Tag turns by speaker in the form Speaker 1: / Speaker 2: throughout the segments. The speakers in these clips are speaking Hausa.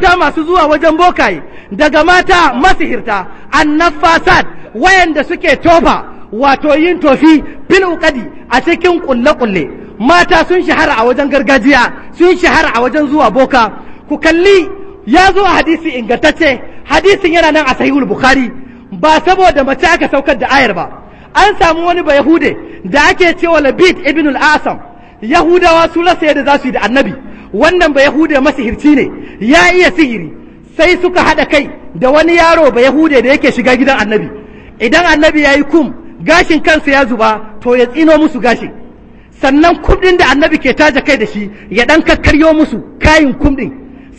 Speaker 1: mata masu zuwa wajen bokaye daga mata masihirta annafasat wayanda suke tofa wato yin tofi fil a cikin kulle-kulle mata sun shahara a wajen gargajiya sun shahara a wajen zuwa boka ku kalli ya zo a hadisi ingantacce hadisin yana nan a sahihul bukhari ba saboda mace aka saukar da ayar ba an samu wani ba yahude da ake cewa labid ibn al-asam yahudawa su rasa yadda za su yi da annabi wannan ba yahude masihirci ne ya iya sihiri sai suka haɗa kai da wani yaro ba yahude da yake shiga gidan annabi idan annabi ya yi kum gashin kansa ya zuba to ya tsino musu gashin sannan kum da annabi ke taja kai da shi ya ɗan kakkaryo musu kayin kum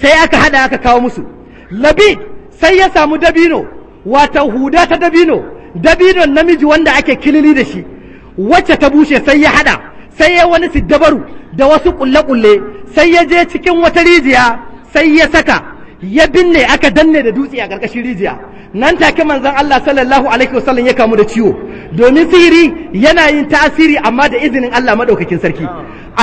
Speaker 1: sai aka haɗa aka kawo musu labi sai ya samu dabino wata huda ta dabino dabinon namiji wanda ake kilili da shi wacce ta bushe sai ya haɗa sai ya wani siddabaru da wasu kulle-kulle sai ya je cikin wata rijiya sai ya saka ya binne aka danne da dutse a ƙarƙashin rijiya nan take manzon Allah sallallahu alaihi wasallam ya kamu da ciwo domin sihiri yana yin tasiri amma da izinin Allah madaukakin sarki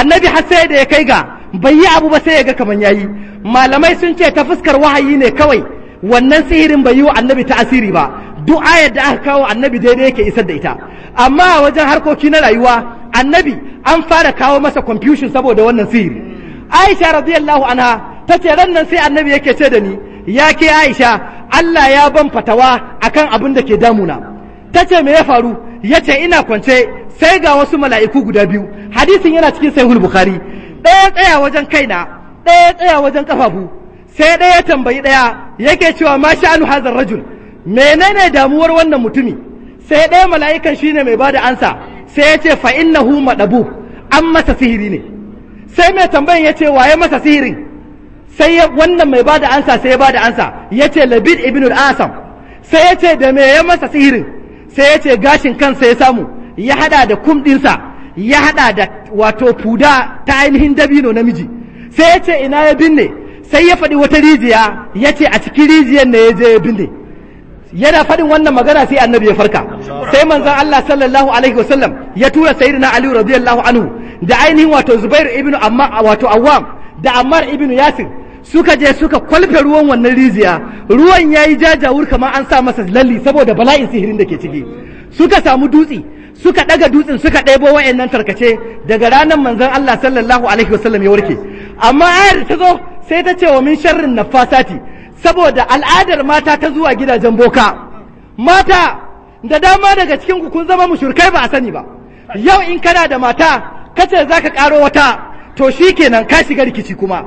Speaker 1: annabi har sai da ya kai ga bai yi abu ba sai ya ga kaman yayi malamai sun ce ta fuskar wahayi ne kawai wannan sihirin bai yi wa annabi tasiri ba duk ayar da aka kawo annabi daidai yake isar da ita amma wajen harkoki na rayuwa annabi an fara kawo masa confusion saboda wannan sihiri aisha radiyallahu anha ta ce ran nan sai annabi yake ce da ni ya ke aisha Allah ya ban fatawa akan abin da ke damuna ta ce me ya faru ya ce ina kwance sai ga wasu mala'iku guda biyu hadisin yana cikin sahihul bukhari ɗaya tsaya wajen kaina ɗaya tsaya wajen kafafu sai ɗaya ya tambayi ɗaya yake cewa ma sha'anu hazar rajul menene damuwar wannan mutumi sai ɗaya mala'ikan shine mai bada ansa sai ya ce fa huma ɗab'u an masa sihiri ne sai mai tambayan ya ce waye masa sihirin sai wannan mai bada ansa sai ya bada ansa ya ce labid ibn asam sai ya ce da me ya masa sihirin sai ya ce gashin kansa ya samu ya hada da kum dinsa ya hada da wato fuda ta ainihin dabino namiji sai ya ce ina ya binne sai ya faɗi wata rijiya ya ce a cikin rijiyar ne ya je ya binne yana faɗin wannan magana sai annabi ya farka sai manzon Allah sallallahu alaihi wasallam ya tura sayyidina Ali radiyallahu anhu da ainihin wato Zubair ibn Amma wato Awwam da Ammar ibn Yasir suka je suka kwalfe ruwan wannan riziya ruwan yayi jajawur kamar an sa masa lalli saboda bala'in sihirin da ke ciki suka samu dutse suka daga dutsen suka ɗebo wa'annan tarkace daga ranar manzon Allah sallallahu alaihi wasallam ya warke amma ayar ta zo sai ta ce wa min sharrin nafasati saboda al'adar mata ta zuwa gidajen boka mata da dama daga cikin ku kun zama mushrikai ba a sani ba yau in kana da mata kace ka karo wata to shi kenan ka shiga rikici kuma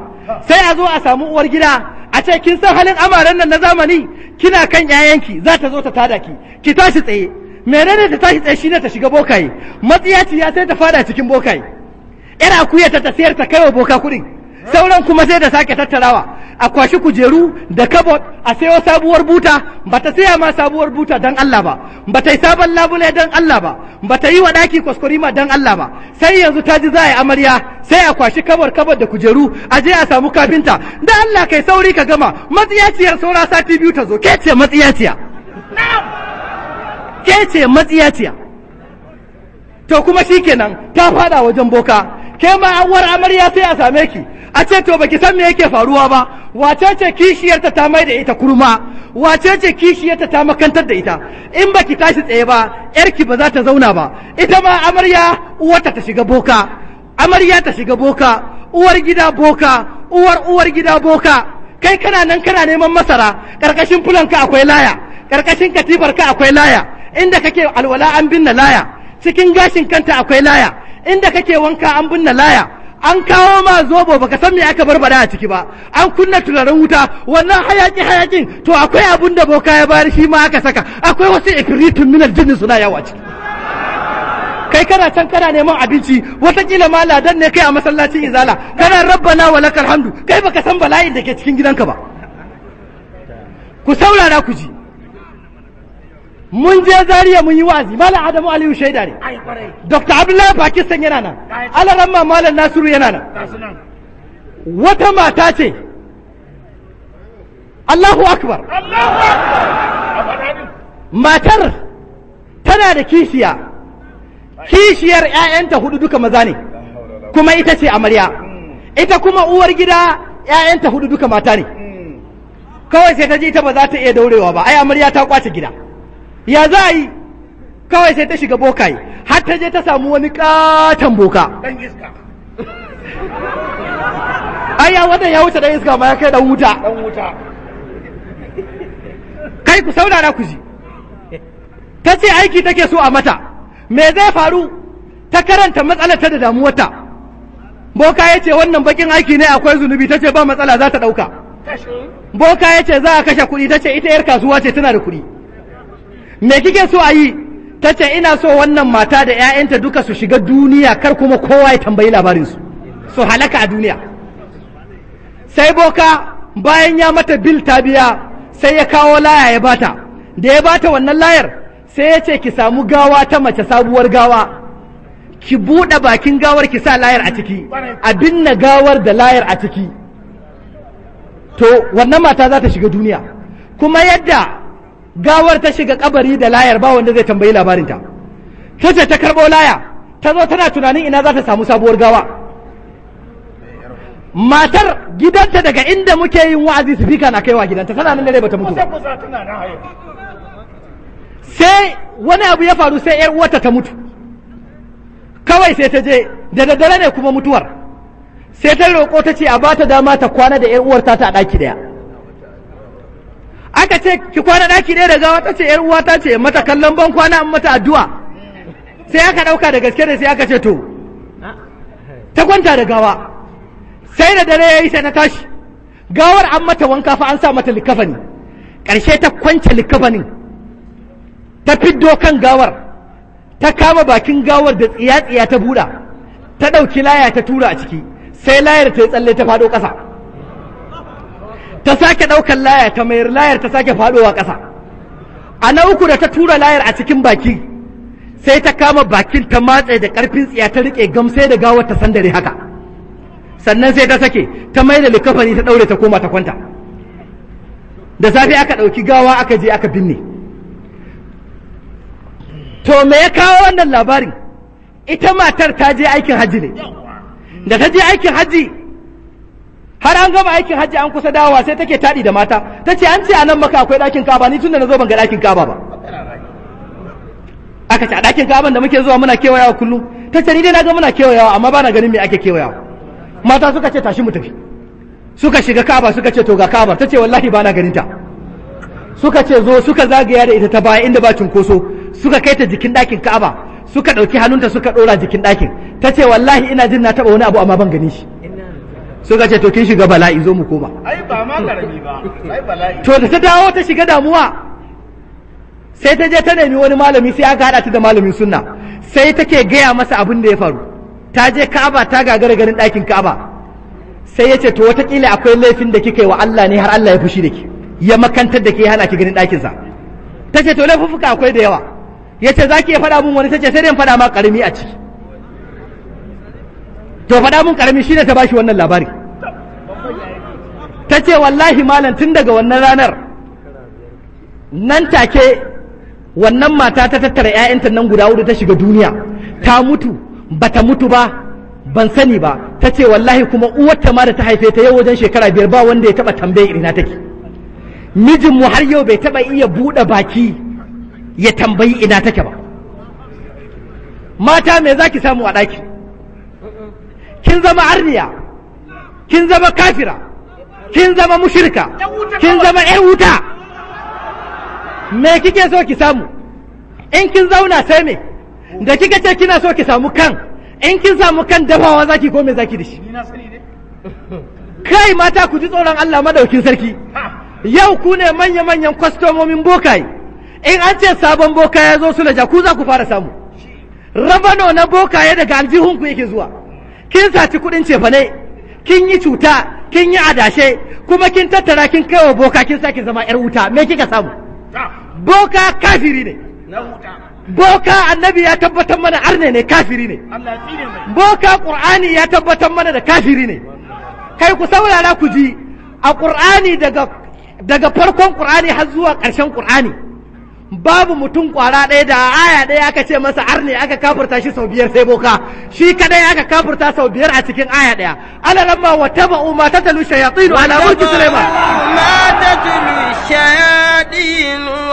Speaker 1: sai a zo a samu uwar gida a ce kin san halin amaren nan na zamani kina kan yayanki za ta zo ta tada ki ki tashi tsaye menene ta tashi tsaye ne ta shiga bokaye ya sai ta fada cikin bokaye yar akuya ta sayar ta kaiwa boka kudin sauran kuma sai da sake tattarawa a kwashi kujeru da kabot a sayo sabuwar buta ba ta saya ma sabuwar buta don Allah ba ba ta yi sabon labule dan Allah ba ba ta yi wa ɗaki ma dan Allah ba sai yanzu ta ji za a yi amarya sai a kwashi kabar kabar da kujeru a je a samu kafinta da Allah kai sauri ka gama matsiyaciyar saura sati biyu ta zo ke ce matsiyaciya ke ce matsiyaciya to kuma shikenan ta fada wajen boka ke ma anwar amarya sai a same ki a ce to baki san me yake faruwa ba wace ce kishiyarta ta mai da ita kurma wace ce kishiyarta ta makantar da ita in baki tashi tsaye ba yarki ba za ta zauna ba ita ma amarya uwarta ta shiga boka amarya ta shiga boka uwar gida boka uwar uwar gida boka kai kana nan kana neman masara karkashin fulanka akwai laya karkashin katifarka akwai laya inda kake alwala an binne laya cikin gashin kanta akwai laya inda kake wanka an binne laya an kawo ma zobo baka san me aka barbada a ciki ba an kunna turaren wuta wannan hayaki hayakin to akwai abun da boka ya bayar shi ma aka saka akwai wasu ikritun minal jinni suna yawa ciki kai kana can kana neman abinci watakila ma ladan ne kai a masallacin izala kana rabbana wa lakal hamdu kai baka san bala'in da ke cikin gidanka ba ku saurara ku ji mun je zariya mun yi wa'azi malam adamu aliyu shaida ne dr abdullahi pakistan yana nan ma malam nasiru yana nan wata mata ce allahu akbar matar tana da kishiya kishiyar 'ya'yanta hudu duka maza ne kuma ita ce amarya ita kuma uwar gida 'ya'yanta hudu duka mata ne hmm. kawai sai ta ji ita ba za ta iya daurewa ba ai amarya ta kwace gida ya za a yi kawai sai ta shiga bokaye har ta je ta samu wani katon boka ya wannan ya wuce dan iska ma ya kai dan wuta kai ku saurara ku ji ta ce aiki take so a mata me zai faru ta karanta matsalar ta da damuwarta boka ya ce wannan bakin aiki ne akwai zunubi ta ce ba matsala za ta ɗauka boka ya ce za a kashe kuɗi ta ce ita yar kasuwa ce tana da kuɗi me kike so a yi ta ce ina so wannan mata da 'ya'yanta duka su shiga duniya kar kuma kowa ya tambayi labarinsu su halaka a duniya sai boka bayan ya mata bil ta biya sai ya kawo laya ya bata da ya bata wannan layar sai ya ce ki samu gawa ta mace sabuwar gawa ki buɗe bakin gawar ki sa layar a ciki a binne gawar da layar a ciki to wannan mata za ta shiga duniya kuma yadda gawar ta shiga kabari da layar ba wanda zai tambayi labarinta ta ce ta karɓo laya ta zo tana tunanin ina za ta samu sabuwar gawa matar gidanta daga inda muke yin wa'azi su fika na kaiwa gidanta tana nan dare bata mutu sai wani abu ya faru sai yar uwarta ta mutu kawai sai ta je da daddare ne kuma mutuwar sai ta roƙo ta ce a bata dama ta kwana da yar uwarta ta a ɗaki ɗaya aka ce ki kwana daki ɗaki da gawa ta ce ‘yar uwata ce mata kallon ban kwana mata addu'a sai aka ɗauka da gaske da sai aka ce to ta kwanta da gawa sai da dare yayi sai na tashi gawar an mata wanka fa an sa mata likafani ƙarshe ta kwance likafanin ta fiddo kan gawar ta kama bakin gawar da tsiya-tsiya ta buɗa ta ɗauki laya ta tura a ciki sai layar ta yi tsalle ta faɗo ƙasa ta sake ɗaukar layar ta mayar layar ta sake faɗowa ƙasa a na uku da ta tura layar a cikin baki sai ta kama bakin ta matse da ƙarfin tsiya ta riƙe gamsai da gawar ta sandare haka sannan sai ta sake ta mai da likafani ta ɗaure ta koma ta kwanta da safe aka ɗauki gawa aka je aka binne to me ya kawo wannan labarin ita matar ta je aikin hajji ne da ta je aikin hajji har an gama aikin hajji an kusa dawowa sai take taɗi da mata ta ce an ce a nan maka akwai ɗakin kaba ni tun da na zo ban ga ɗakin kaba ba aka ce a ɗakin kaban da muke zuwa muna kewayawa kullum ta ce ni dai na ga muna kewayawa amma ba na ganin me ake kewayawa mata suka ce tashi mu tafi suka shiga kaba suka ce to ga kaba ta ce wallahi ba na ganin ta suka ce zo suka zagaya da ita ta baya inda ba cunkoso suka kai ta jikin ɗakin kaba suka ɗauki hannunta suka ɗora jikin ɗakin ta ce wallahi ina jin na taɓa wani abu amma ban gani shi suka ce to kin shiga bala'i zo mu koma
Speaker 2: ai ba ma karami ba ai bala'i to da
Speaker 1: ta dawo ta shiga damuwa sai ta je ta nemi wani malami sai aka hada ta da malamin sunna sai take gaya masa abin da ya faru ta je ka'aba ta gagara ganin ɗakin ka'aba sai ya ce to watakila akwai laifin da kika yi wa Allah ne har Allah ya fushi da ki ya makantar da ke hana ki ganin ɗakinsa ta ce to laifuffuka akwai da yawa ya ce za ki iya faɗa min wani ta ce sai dai faɗa ma ƙarami a ciki to faɗa mun ƙarami shi ne ta bashi wannan labari ta ce wallahi malam tun daga wannan ranar nan take wannan mata ta tattara 'ya'yanta nan guda hudu ta shiga duniya ta mutu bata mutu ba ban sani ba ta ce wallahi kuma uwarta ma da ta haife ta yau wajen shekara biyar ba wanda ya taba tambaye irina take mijin mu har yau bai taɓa iya buɗe baki ya tambayi ina take ba mata me zaki samu a ɗaki kin zama arniya kin zama kafira kin zama mushirka kin zama ƴan wuta me kike so ki samu in kin zauna sai me da kika ce kina so ki samu kan in kin samu kan dafawa zaki ko me zaki da kai mata ku ji tsoron Allah madaukin sarki yau ku ne manya manyan kwastomomin bokaye in an ce sabon boka ya zo su ku za ku fara samu rabano na bokaye daga aljihunku yake zuwa kin saci kuɗin cefane kin yi cuta kin yi adashe kuma kin tattara kin kai wa boka kin sake zama yar wuta me kika samu ah. boka kafiri ne boka annabi ya tabbatar mana arne ne kafiri ne boka qur'ani ya tabbatar mana da kafiri ne kai ku saurara ku ji a qur'ani daga daga farkon qur'ani har zuwa ƙarshen qur'ani babu mutum kwara ɗaya da aya ɗaya aka ce masa ne aka kafurta shi sau biyar sai boka shi kadai aka kafurta sau biyar a cikin aya ɗaya ala lamma wa taba'u ma tatalu shayatin ala mulki sulaiman
Speaker 2: ma tatalu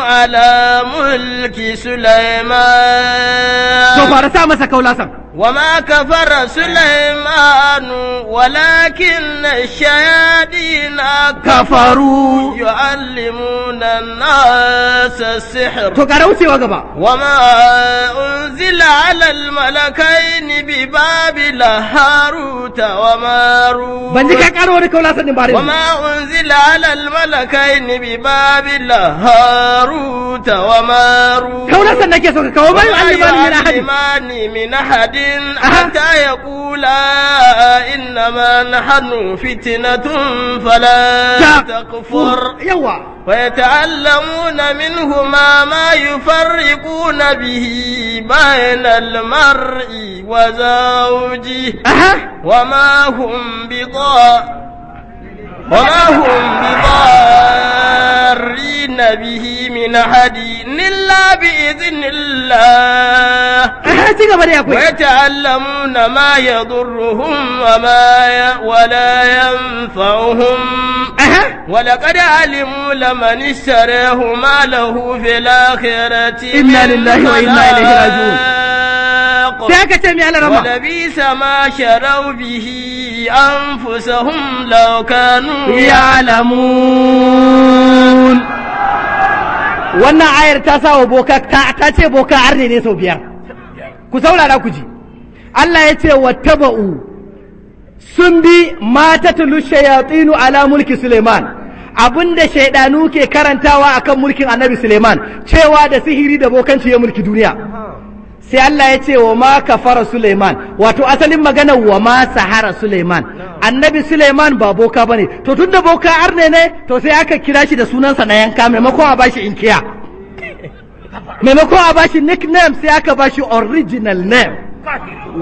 Speaker 2: ala mulki sulaiman
Speaker 1: to fara sa masa kaulasan
Speaker 2: وما كفر سليمان ولكن الشياطين كفروا يعلمون الناس السحر وما أنزل على الملكين ببابل هاروت وماروت بنجي
Speaker 1: وما
Speaker 2: انزل على الملكين ببابل هاروت وماروت كو
Speaker 1: نكي سوك وما
Speaker 2: يعلماني من أحد حتى يقولا إنما نحن فتنة فلا تكفر ويتعلمون منهما ما يفرقون به بين المرء وزوجه وما هم بضار وما هم بضارين به من أحد إلا بإذن الله ويتعلمون ما يضرهم وما ي... ولا ينفعهم ولقد علموا لمن اشتريه ما له في الآخرة إنا لله وإنا إليه راجعون الحق ما شروا به أنفسهم لو كانوا
Speaker 1: يعلمون wannan ayar ta sa wa boka ta ce boka arne ne ne sau biyar ku saurara ku ji Allah ya ce wa taba'u sun bi mata shayatinu ala mulki Suleiman abinda shaidanu ke karantawa akan mulkin annabi Suleiman cewa da sihiri da bokanci ya mulki duniya sai Allah ya ce wa ma kafara Suleiman wato asalin magana wa ma sahara Suleiman annabi Suleiman ba boka bane to tun da boka arne ne to sai aka kira shi da sunansa na yanka maimakon a bashi inkiya maimakon a bashi nickname sai aka bashi original name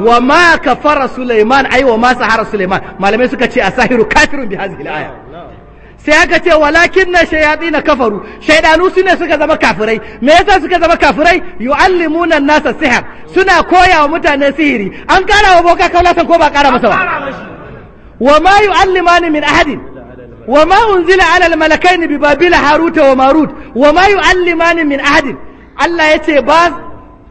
Speaker 1: wa ma kafara Suleiman ai wa ma sahara Suleiman malamai suka ce a sahiru kafirun bi hadhihi al sai aka ce walakin na shayaɗi na kafaru shaidanu su ne suka zama kafirai me yasa suka zama kafirai allimunan nasa sihir suna koya wa mutane sihiri an kara wa boka kaulatan ko ba kara masa ba wa ma allimani min ahadin wa ma unzila ala al bi babila harut wa marut wa ma allimani min ahadin Allah yace ba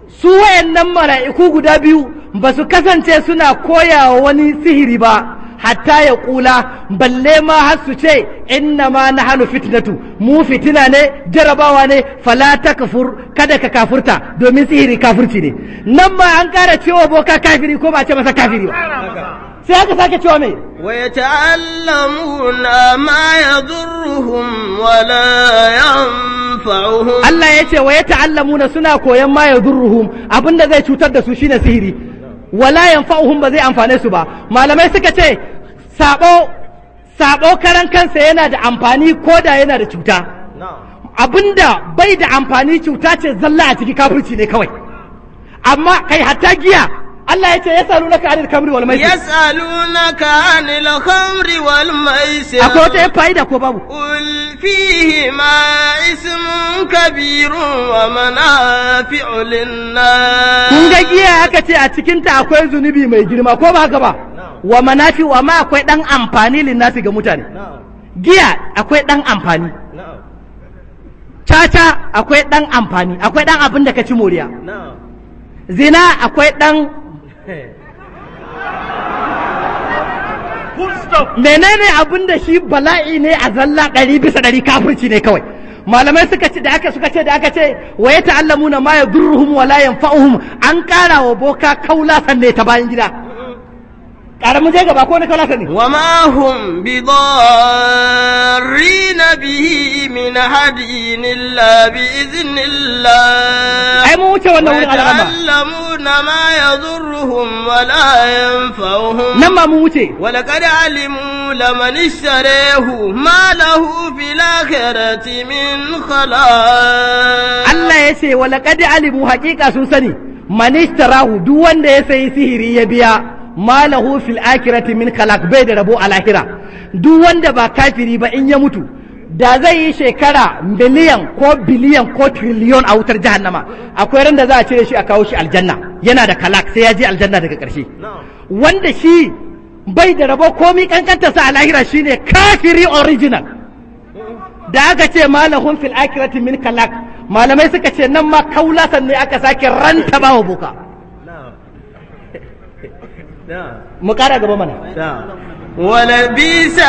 Speaker 1: su wayannan mala'iku guda biyu ba su kasance suna koya wa wani sihiri ba hatta ya ƙula balle ma har su ce inna ma na hannu fitnatu mu fitina ne jarabawa ne fala ta kafur kada ka kafurta domin sihiri kafurci ne nan ma an ƙara cewa boka kafiri ko ba ce masa kafiri ba sai aka sake cewa mai
Speaker 2: ويتعلمون ما يضرهم ولا
Speaker 1: yanfa'uhum Allah ya ce wa suna koyan ma yadurruhum abinda zai cutar da su shine sihiri wala yanfa'uhum ba zai amfane su ba malamai suka ce sabo sabo karan kansa yana da amfani ko da yana da cuta abinda bai da amfani cuta ce zalla a ciki kafirci ne kawai amma kai hatta giya Allah ya ce ya salu naka anil kamri wal maisir. Ya
Speaker 2: salu naka anil kamri wal maisir. Akwai wata ya
Speaker 1: fa'ida ko babu? Ul
Speaker 2: fihi ma ismun kabirun wa manafi'u linnas. Kun ga
Speaker 1: giya aka ce a cikinta akwai zunubi mai girma ko ba haka ba? Wa ma akwai dan amfani linnasi ga mutane. Giya akwai dan amfani. Caca akwai dan amfani, akwai dan abin da ka ci moriya. Zina akwai dan menene abin da shi bala'i ne a zalla ɗari bisa ɗari kafirci ne kawai malamai suka ce da aka suka ce da aka ce wa ya ta'allamu na ma ya durruhum wa la yanfa'uhum an ƙara wa boka kaula sanne ta bayan gida karamin zai je gaba ko na kalata ne wa ma hum bi dharrin
Speaker 2: bihi min hadin illa bi idhnillah ai mu
Speaker 1: wuce wannan wurin alama
Speaker 2: na ma yadhurruhum wa la yanfa'uhum nan ma mu
Speaker 1: wuce wa laqad
Speaker 2: alimu lamani sharehu ma lahu fil akhirati min khala.
Speaker 1: Allah ya ce wa laqad alimu haqiqa sun sani Manistarahu duk wanda ya sayi sihiri ya biya malahu fil akirati min kalak bai da rabo a lahira duk wanda ba kafiri ba in ya mutu da zai yi shekara miliyan ko biliyan ko triliyon a wutar jahannama akwai ran da za a cire shi a kawo shi aljanna yana da kalak sai ya je aljanna daga ƙarshe wanda shi bai da rabo komi kankanta sa a lahira shine kafiri original da aka ce malahun fil akirati min kalak malamai suka ce nan ma kaula sannan aka sake ranta ba boka mu kara gaba
Speaker 2: mana ولبيس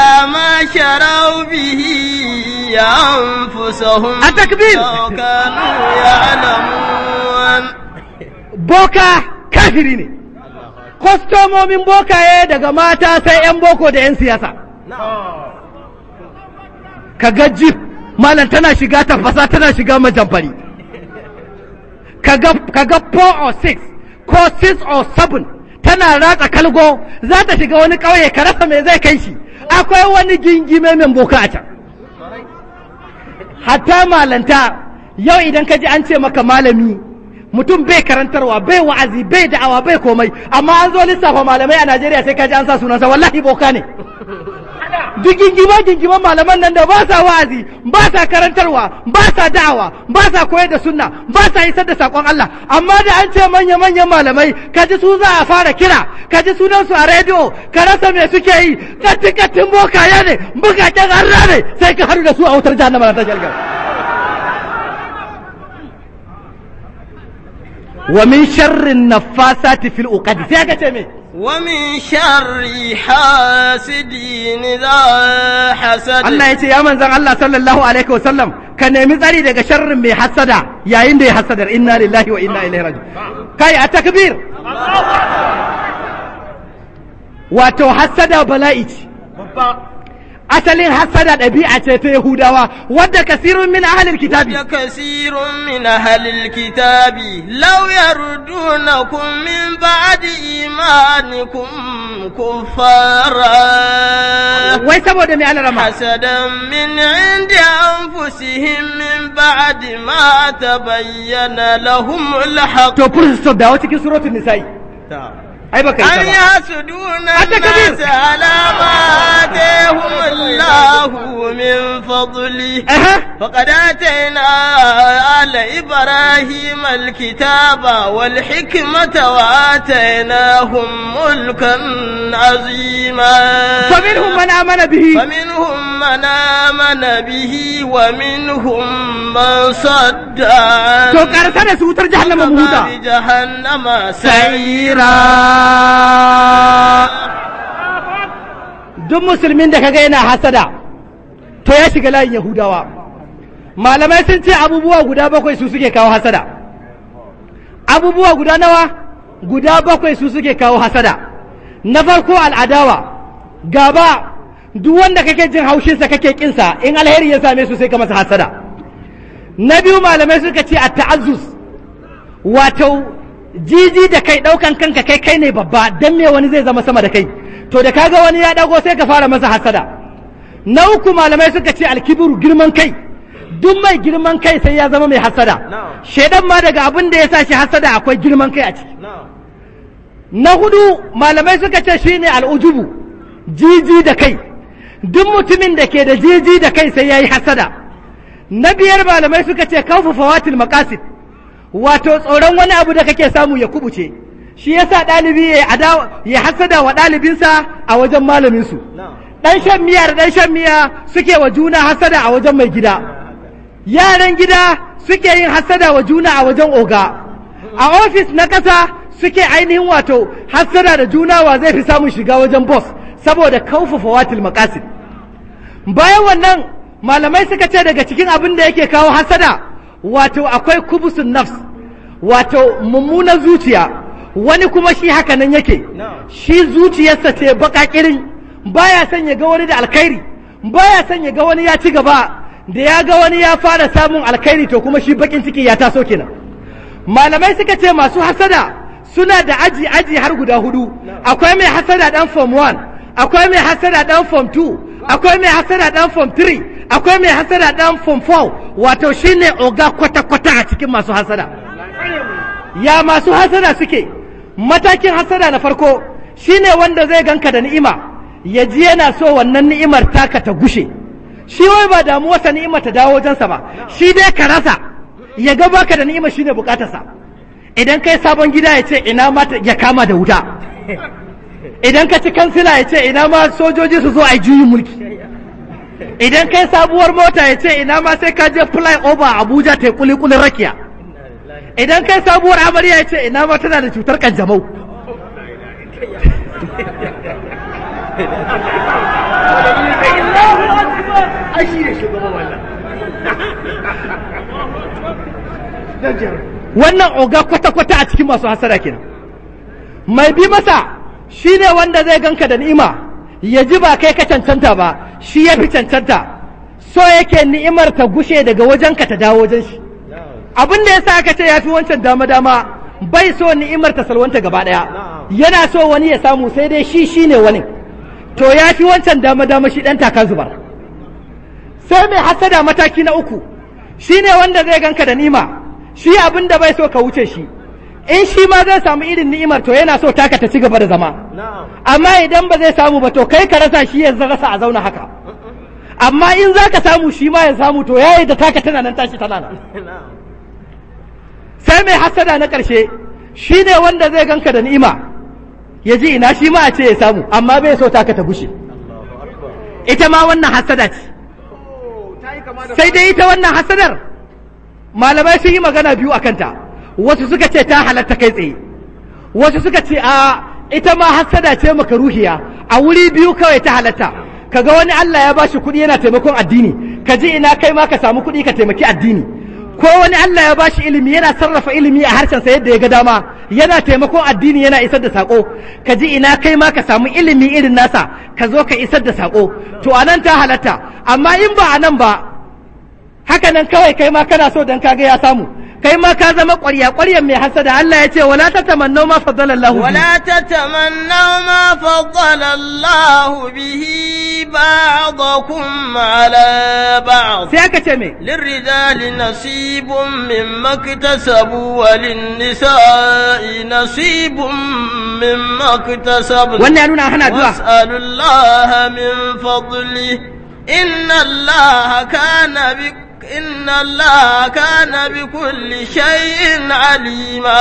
Speaker 2: sharau bihi ya أنفسهم التكبير لو كانوا يعلمون
Speaker 1: بوكا كافرين kwastomomin ya daga mata sai 'yan boko da 'yan siyasa ka ga jif malam tana shiga tafasa tana shiga majamfari ka ga 4 or 6 ko 6 or 7 tana ratsa kalgo za ta shiga wani ƙauye ka rasa mai zai kai shi akwai wani gingime mai boka a can hatta malanta yau idan ka ji an ce maka malami mutum bai karantarwa bai wa'azi bai da'awa bai komai amma an zo lissafa malamai a najeriya sai ka ji an sa sunansa wallahi boka ne duk gingima malaman nan da ba sa wa'azi ba sa karantarwa ba sa da'awa ba sa koyar da sunna ba sa isar da sakon Allah amma da an ce manya manyan malamai ka ji su za a fara kira ka ji sunan a rediyo ka rasa me suke yi katin katin ya ne bugaken harra ne sai ka haru da su a wutar jahannama ta jalgar wa min sharrin nafasati fil uqad sai ka ce me ومن شر
Speaker 2: حاسد إذا حسد الله يتي يا
Speaker 1: من زغ الله صلى الله عليه وسلم ka nemi tsari daga sharrin mai hasada yayin da ya hasadar inna lillahi wa inna ilaihi raji kai a takbir wato hasada bala'i asalin hasada ɗabi'a ce ta Yahudawa wadda kasirun min ahalil kitabi wadda kasirun min ahalil kitabi
Speaker 2: law yardunakum min ba'di imanikum kuffara wai saboda me Allah rama hasadan min indi anfusihim min ba'di ma tabayyana lahum
Speaker 1: alhaq to put da wasu cikin suratul nisa'i ta ai baka yi ta ba an
Speaker 2: yasuduna nas ala ma atahum Allah min fadli faqad atayna ala ibrahim alkitaba wal hikmata wa atainahum mulkan azima faminhum man amana bihi faminhum man amana bihi wa minhum man sadda to
Speaker 1: karsa da su wutar jahannama mu huta
Speaker 2: jahannama sayira
Speaker 1: duk musulmin da kaga yana hasada to ya shiga layin yahudawa malamai sun ce abubuwa guda bakwai su suke kawo hasada abubuwa guda nawa guda bakwai su suke kawo hasada na farko al'adawa gaba duk wanda kake jin haushinsa kake kinsa in alheri ya same su sai ka masa hasada na biyu malamai suka ce a ta'azzus wato jiji da kai ɗaukan kanka kai kai ne babba dan me wani zai zama sama da kai to da kaga wani ya ɗago sai ka fara masa hasada na uku malamai suka ce alkibiru girman kai duk mai girman kai sai ya zama mai hasada shaidan ma daga abin da ya sa shi hasada akwai girman kai a ciki na hudu malamai suka ce shi ne al'ujubu jiji da kai duk mutumin da ke da jiji da kai sai ya yi hasada na biyar malamai suka ce kawfa fawatil makasit wato tsoron wani abu da kake samu ya kubuce shi yasa ɗalibi ya hasada wa ɗalibinsa a wajen malaminsu ɗan shan miya da ɗan shan miya suke wa juna hasada a wajen mai gida yaran gida suke yin hasada wa juna a wajen oga a ofis na ƙasa suke ainihin wato hasada da juna wa zai fi samun shiga wajen bos saboda kaufafa watil makasin bayan wannan malamai suka ce daga cikin abin da yake kawo hasada wato akwai kubusun nafs wato mummunan zuciya wani kuma shi haka nan yake shi zuciyarsa ce baka kirin baya son ya ga wani da alkhairi baya son ya ga wani ya ci gaba da ya ga wani ya fara samun alkhairi to kuma shi bakin ciki ya taso kenan malamai suka ce masu hasada suna da aji aji har guda hudu akwai mai hasada dan form 1 akwai mai hasada dan form 2 akwai mai hasada dan form 3 akwai mai hasada dan fumfau wato shine oga kwata-kwata a cikin masu hasada ya masu hasada suke matakin hasada na farko shine wanda zai ganka da ni'ima ya ji yana so wannan ni'imar taka ta gushe shi wai ba damu wata ni'ima ta dawo wajensa ba shi dai ka rasa ya ga baka da ni'ima shine bukatarsa idan kai sabon gida ya ce ina ma ya kama da wuta idan ka ci kansila ya ce ina ma sojoji su zo a juyin mulki idan kai sabuwar mota ya ce ina ma sai ka je fly over abuja ta yi kulikulin rakiya idan kai sabuwar amarya ya ce ina ma tana da cutar kanjamau wannan oga kwata-kwata a cikin masu hasara kenan mai bi masa shi ne wanda zai ganka da ni'ima ya ji ba kai ka cancanta ba shi ya fi cancanta so yake ni'imar ta gushe daga wajen ka ta dawo wajen shi abin da yasa aka ce ya fi wancan dama dama bai so ni'imar ta salwanta gaba daya yana so wani ya samu sai dai shi shi ne wani to ya fi wancan dama dama shi dan taka zubar sai mai hasada mataki na uku shi ne wanda zai ganka da nima shi abin da bai so ka wuce shi in shi ma zai samu irin ni'imar to yana so taka ta ci gaba da zama amma idan ba zai samu ba to kai ka rasa shi ya rasa a zauna haka amma in za ka samu shi ma ya samu to yayi da taka tana nan tashi tana nan sai mai hasada na karshe shi ne wanda zai ganka da ni'ima ya ji ina shi ma a ce ya samu amma bai so taka ta bushe ita ma wannan hasada ce oh, sai dai ita wannan hasadar malamai sun yi magana biyu a kanta wasu suka ce ta halatta kai tsaye wasu suka ce a ita ma hassada ce maka ruhiya a wuri biyu kawai ta halatta kaga wani Allah ya bashi kuɗi yana taimakon addini ka ji ina kai ma ka samu kuɗi ka taimaki addini ko wani Allah ya bashi ilimi yana sarrafa ilimi a harshensa yadda ya ga dama yana taimakon addini yana isar da sako ka ji ina kai ma ka samu ilimi irin nasa ka zo ka isar da sako to anan ta halatta amma in ba anan ba haka nan kawai kai ma kana so dan kaga ya samu kai ma ka zama ƙwarya ƙwaryan mai hasada Allah ya ce wala ta tamanna ma faddala Allah wala
Speaker 2: ta tamanna ma faddala Allah bihi ba'dakum ala ba'd sai aka ce me lirrijali nasibun mimma kitasabu walin nisa'i nasibun mimma kitasabu wannan ya nuna hana addu'a was'alullaha min fadli inna Allah kana bi إن الله كان بكل شيء عليما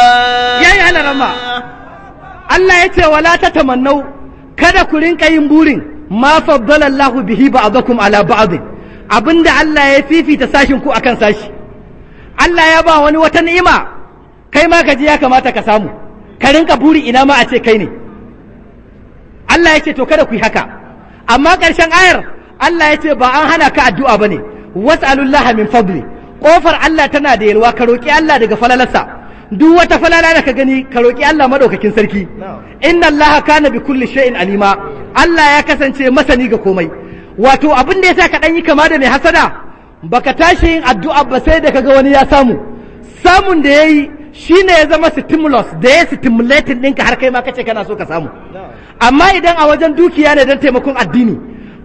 Speaker 2: يا ya لرما
Speaker 1: الله يتي ولا تتمنوا kada ku rinka yin burin ma faddala Allahu bihi ba'dakum ala ba'd abinda Allah ya fifita sashin ku akan sashi Allah ya ba wani wata ni'ima kai ma gaji ya kamata ka samu ka rinka buri ina ma a ce kai ne Allah ya ce to kada ku yi haka amma ƙarshen ayar Allah ya ce ba an hana ka addu'a bane was'alullaha min fadli kofar Allah tana da yalwa ka roki Allah daga falalarsa duk wata falala da ka gani ka roki Allah madaukakin sarki inna Allah kana bi kulli shay'in alima Allah ya kasance masani ga komai wato abin da yasa ka dan yi kama da mai hasada baka tashi yin addu'a ba sai da kaga wani ya samu samun da yayi shine ya zama stimulus da ya stimulating ɗinka har kai ma kace kana so ka samu amma idan a wajen dukiya ne don taimakon addini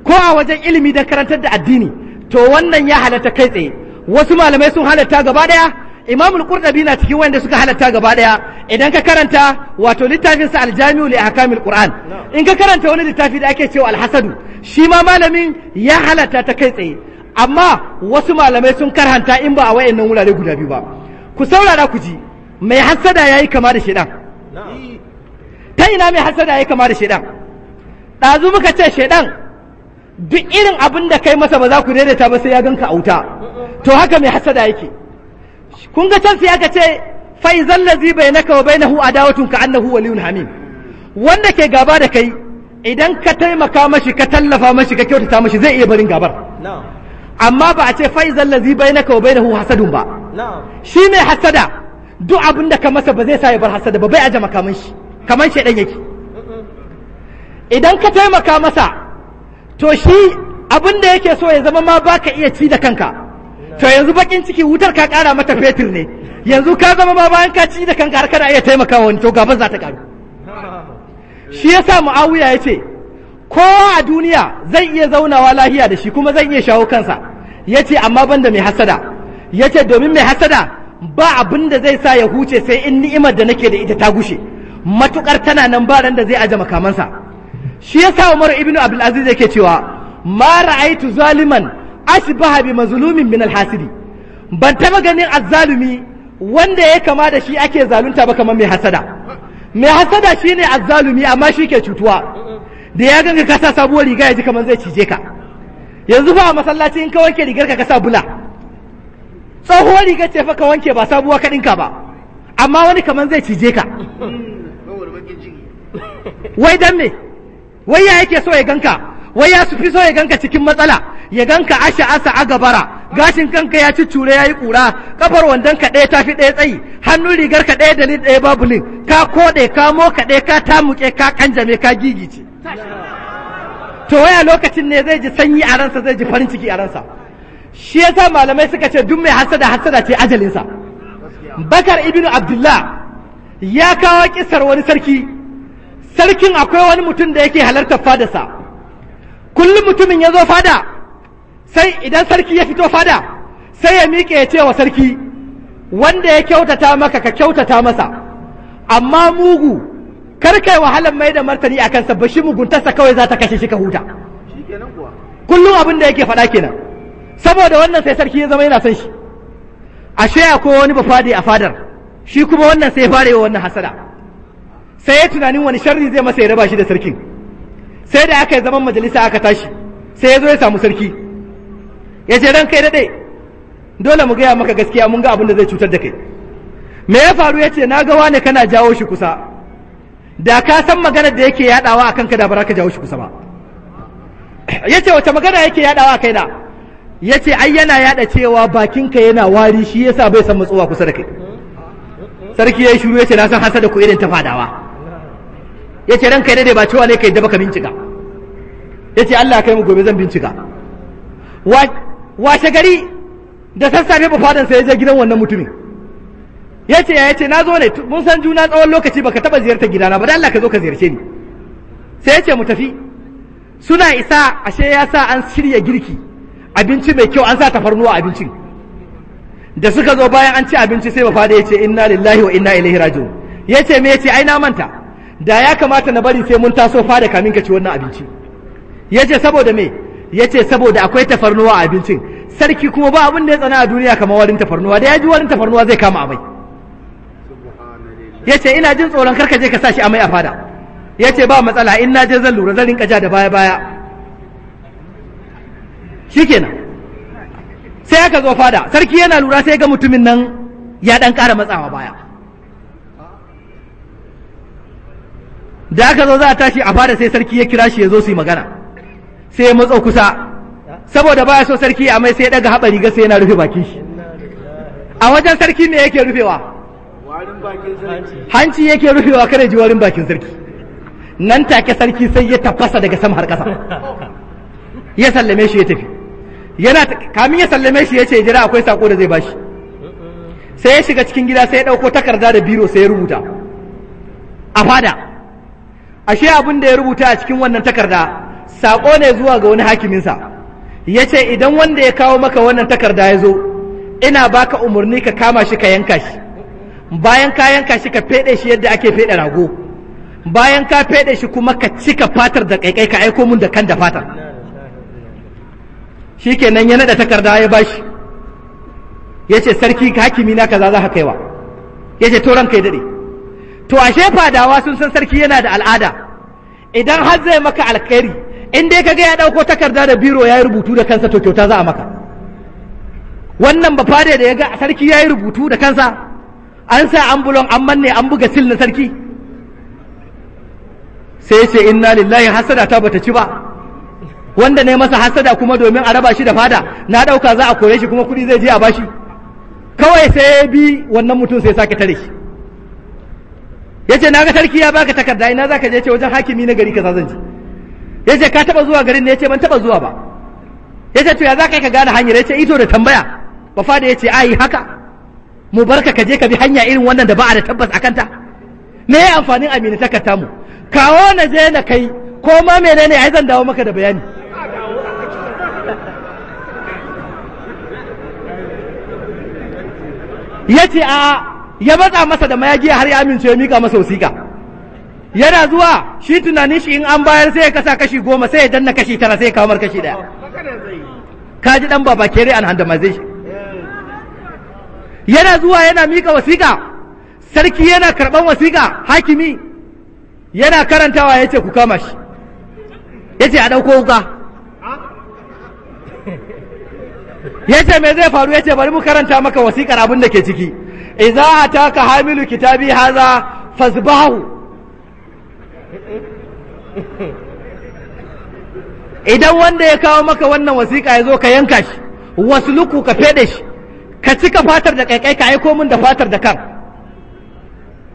Speaker 1: ko a wajen ilimi don karantar da addini to wannan ya halatta kai tsaye wasu malamai sun halatta gaba daya imam al na cikin wanda suka halatta gaba daya idan ka karanta wato littafin sa al-jami'u li ahkamil qur'an in ka karanta wani littafi da ake cewa al shi ma malamin ya halatta ta kai tsaye amma wasu malamai sun karanta in ba a wayannan wurare guda biyu ba ku saurara ku ji mai hasada yayi kama da shedan ta ina mai hasada yayi kama da shedan dazu muka ce shedan duk irin abin da kai masa ba za ku daidaita ba sai ya ganka auta to haka mai hasada yake kun ga can sai aka ce bai na ladhi bainaka wa bainahu adawatun ka annahu waliyun hamim wanda ke gaba da kai idan ka taimaka mashi ka tallafa mashi ka kyautata mashi zai iya barin gabar amma ba a ce bai na kawo bai na hu, hasadun ba shi mai hasada duk abin da ka masa ba zai sa ya bar hasada ba bai aje makamin shi kamar shedan yake idan ka taimaka masa to shi abin da yake so ya zama ma baka iya ci da kanka to yanzu bakin ciki wutar ka kara mata fetur ne yanzu ka zama ma bayan ka ci da kanka har kana iya taimakawa wani to gaban za ta karu shi yasa muawiya ya ce kowa a duniya zai iya zaunawa lahiya da shi kuma zai iya shawo kansa ya ce amma ban da mai hasada ya ce domin mai hasada ba abin da zai sa ya huce sai in ni'imar da nake da ita ta gushe matukar tana nan ba ran da zai aje makamansa shi yasa Umar ibn abdulaziz Aziz yake cewa ma ra'aitu zaliman asbaha bi mazlumin min al-hasidi ban taba ganin azzalumi wanda ya kama da shi ake zalunta ba kamar mai hasada mai hasada shine azzalumi amma shi ke cutuwa da ya ganka kasa sabuwar riga ya ji kamar zai cije ka yanzu fa a masallaci in ka wanke rigar ka kasa bula tsohuwar rigar ce fa ka wanke ba sabuwa ka dinka ba amma wani kamar zai cije ka wai dan me wai ya yake so ya ganka wai ya su fi so ya ganka cikin matsala ya ganka asha asa a gabara gashin kanka ya ci cure ya yi kura kafar wandon ka ɗaya tafi ɗaya tsayi hannun rigar ka ɗaya dalil ɗaya babu lin ka koɗe ka mokaɗe ka tamuke ka kanjame ka gigice to waya lokacin ne zai ji sanyi a ransa zai ji farin ciki a ransa shi yasa malamai suka ce duk mai hasada hasada ce ajalinsa bakar ibnu abdullah ya kawo kisar wani sarki sarkin akwai wani mutum da yake halartar fadarsa kullum mutumin ya zo fada sai idan sarki ya fito fada sai ya miƙe ya ce wa sarki wanda ya kyautata maka ka kyautata masa amma mugu kar kai wahalar mai da martani a kansa ba shi muguntarsa kawai za ta kashe shi ka huta kullum abin da yake faɗa kenan saboda wannan sai sarki ya zama yana son shi ashe akwai wani ba fadi a fadar shi kuma wannan sai ya fara yi wa wannan hasada sai ya tunanin wani sharri zai masa ya raba shi da sarkin sai da aka yi zaman majalisa aka tashi sai ya zo ya samu sarki ya ce ran kai daɗe dole mu gaya maka gaskiya mun ga abin da zai cutar da kai me ya faru ya ce na ga wane kana jawo shi kusa da ka san maganar da yake yaɗawa a kanka da ba ka jawo shi kusa ba ya ce wace magana yake yaɗawa a kaina ya ce ai yana yaɗa cewa bakinka yana wari shi yasa bai san matsuwa kusa da kai sarki ya yi shiru ya ce na san hasa da ku irin ta fadawa ya ce ranka daidai ba cewa ne ka yadda baka bincika ya ce Allah kai mu gobe zan bincika washe gari da sassafe ba sai ya je gidan wannan mutumin ya ce ya ce na zo ne mun san juna tsawon lokaci baka taba ziyarta gidana ba da Allah ka zo ka ziyarce ni sai ya ce mu tafi suna isa ashe ya sa an shirya girki abinci mai kyau an sa tafarnuwa abincin da suka zo bayan an ci abinci sai ba fada ya ce inna lillahi wa inna ilaihi raji'un ya me ya ce ai na manta da ya kamata na bari sai mun taso fada kamin ka ci wannan abinci ya ce saboda me ya ce saboda akwai tafarnuwa a abincin sarki kuma ba abin da ya tsana a duniya kamar warin tafarnuwa da ya ji warin tafarnuwa zai kama amai ya ce ina jin tsoron karka je ka sa shi amai a fada ya ce ba matsala in na je zan lura zan rinka ja da baya baya shikenan sai aka zo fada sarki yana lura sai ga mutumin nan ya dan ƙara matsawa baya da aka zo za a tashi a fada sai sarki ya kira shi ya zo su yi magana sai ya matsa kusa saboda baya so sarki a mai sai ya daga haɓa riga sai yana rufe bakin shi a wajen sarki ne yake rufewa hanci yake rufewa kada ji warin bakin sarki nan take sarki sai ya tafasa daga sama har ƙasa ya sallame shi ya tafi yana kamin ya sallame shi ya ce jira akwai sako da zai bashi sai ya shiga cikin gida sai ya ɗauko takarda da biro sai ya rubuta a fada ashe abin da ya rubuta a cikin wannan takarda saƙo ne zuwa ga wani hakiminsa ya ce idan wanda ya kawo maka wannan takarda ya zo ina baka umarni ka kama shi ka yanka shi bayan ka yanka shi ka feɗe shi yadda ake feɗe rago bayan ka feɗe shi kuma ka cika fatar da kaikai ka aiko mun da kan da fatar shi kenan ya naɗa takarda ya bashi ya ce sarki hakimi na kaza za ka kaiwa ya ce to ranka ya daɗe to ashe fadawa sun san sarki yana da al'ada idan har zai maka alkhairi in dai kaga ya dauko takarda da biro ya yi rubutu da kansa to kyauta za a maka wannan ba fare da ya ga sarki ya yi rubutu da kansa an sa ambulon an manne an buga sil na sarki sai ce inna lillahi hasada ta bata ci ba wanda ne masa hasada kuma domin a raba shi da fada na dauka za a kore shi kuma kudi zai je a bashi kawai sai bi wannan mutum sai sake tare shi ya ce na ga sarki ya baka takarda ina zaka je ce wajen hakimi na gari kaza zan je yace ka taba zuwa garin ne ya ce ban taba zuwa ba ya ce to ya zaka ka gane hanyar ya ce ito da tambaya ba fa da a yi haka mu barka ka je ka bi hanya irin wannan da ba a da tabbas akan ta me ya amfanin amina karta mu kawo na je na kai ko ma menene ai zan dawo maka da bayani yace a ya matsa masa da mayagi har ya amince ya mika masa wasiƙa yana zuwa shi tunanin shi in an bayar sai ya kasa kashi goma sai ya danna kashi tara sai ya kawo kashi daya ka ji dan baba kere an shi. yana zuwa yana mika wasiƙa sarki yana karɓan wasiƙa hakimi yana karantawa ya ku kama shi ya a ɗauko wuka ya ce mai zai faru ya ce bari mu karanta maka wasikar abin da ke ciki a taka hamilu kitabi haza fasbahu idan wanda ya kawo maka wannan wasiƙa ya zo ka yanka shi wasu luku ka fede shi ka cika fatar da kaikai ka aiko min da fatar da kan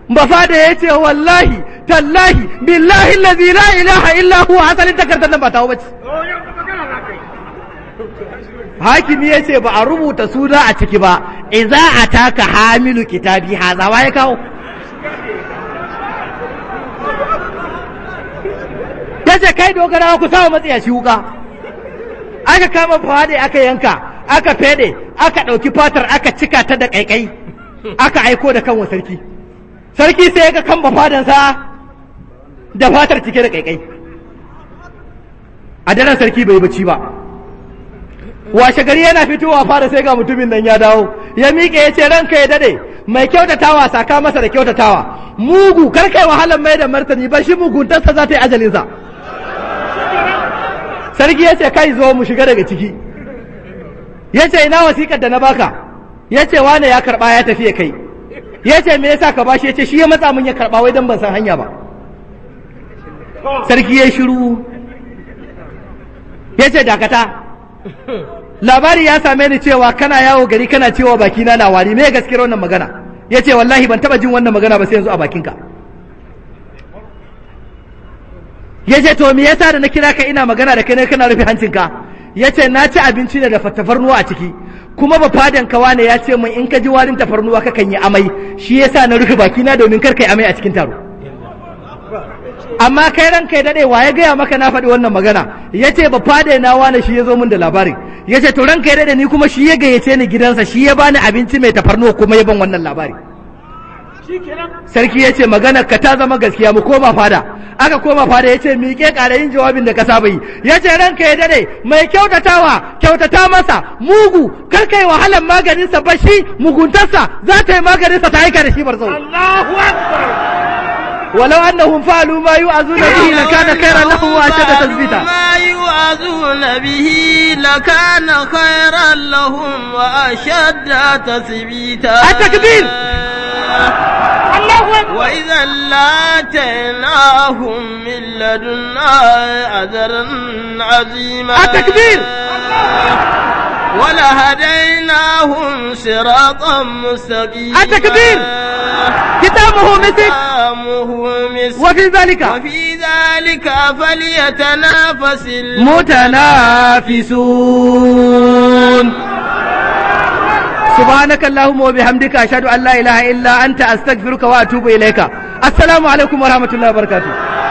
Speaker 1: ba fada ya ce wallahi tallahi billahi lazi la ilaha huwa asalin takardar nan ba ta bace hakimi ya ce ba a rubuta suna a ciki ba za a taka hamilu kitabi hazawa ya kawo ce kai dogara ku sawa matsayaci wuka aka kama fade aka yanka aka fede aka ɗauki fatar aka cika ta da ƙaiƙai aka aiko da kanwa sarki sarki sai ya kamba fadansa da fatar cike da ƙaiƙai a daren sarki bai bacci ba washe gari yana fitowa fara sai ga mutumin nan ya dawo ya miƙe ya ce ranka ya dade mai kyautatawa saka masa da kyautatawa mugu kar kai wahalar mai da martani ba shi muguntarsa za ta yi ajalinsa sarki ya ce kai zo mu shiga daga ciki ya ce ina wasiƙar da na baka ya ce wane ya karɓa ya tafi ya kai ya ce me yasa ka bashi ya ce shi ya matsa mun ya karɓa wai dan ban san hanya ba sarki ya shiru ya ce dakata labari ya same ni cewa kana yawo gari kana cewa baki na na wari me gaskiyar wannan magana yace wallahi ban taba jin wannan magana ba sai yanzu a bakinka yace to me yasa da na kira ka ina magana da kai ne kana rufe hancinka yace na ci abinci ne da tafarnuwa a ciki kuma ba fadan kawa ne ya ce min in ka ji warin tafarnuwa kakan yi amai shi yasa na rufe bakina domin kar kai amai a cikin taro amma kai ran kai dade wa ya gaya maka na faɗi wannan magana yace ba fada na wani shi ya zo min da labarin yace to ran kai dade ni kuma shi ya gayyace ni gidansa shi ya bani abinci mai tafarno kuma ya ban wannan labari sarki ya ce magana ka ta zama gaskiya mu koma fada aka koma fada ya ce miƙe ƙara yin jawabin da ka saba yi ya ce ranka ya dade mai kyautatawa kyautata masa mugu kar kai wahalan maganinsa shi muguntarsa za ta yi maganinsa ta aika da shi barzau Allahu Akbar ولو أنهم فعلوا ما يوعظون به لكان خيرا لهم وأشد تثبيتا
Speaker 2: ما يوعظون به لكان خيرا لهم وأشد تثبيتا التكبير وإذا لاتيناهم من لدنا أجرا عظيما التكبير ولهديناهم صراطا مستقيما التكبير ختامه مسك وفي ذلك وفي ذلك فليتنافس
Speaker 1: المتنافسون سبحانك اللهم وبحمدك أشهد أن لا إله إلا أنت أستغفرك وأتوب إليك السلام عليكم ورحمة الله وبركاته